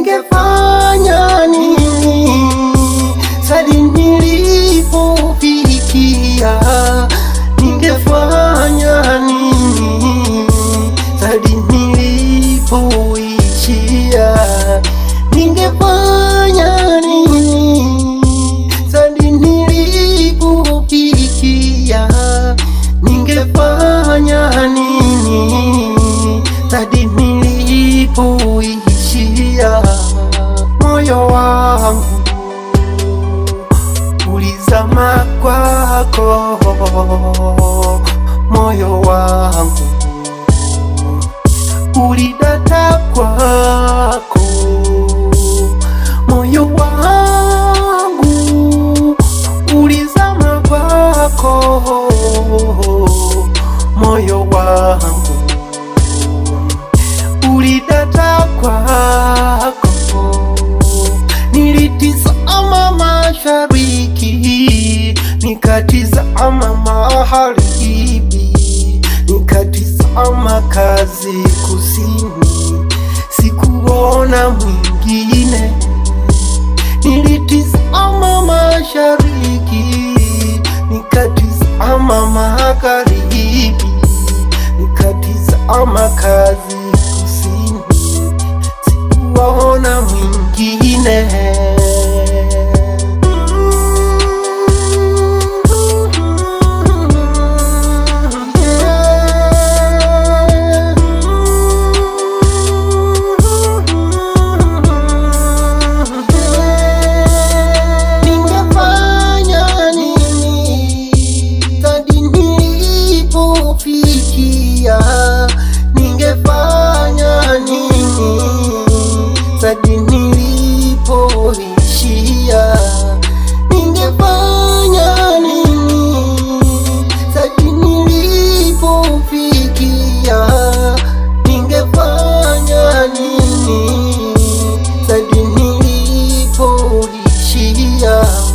ningefanya nini sadi nilipofikia? Ningefanya nini sadi nilipoishia? ningefanya wako moyo wangu, ulidata kwako moyo wangu, ulizama kwako moyo nikatizama magharibi, nikatizama kazi kusini, sikuona mwingine. Nilitizama mashariki, nikatizama magharibi, nikatizama kazi yeah.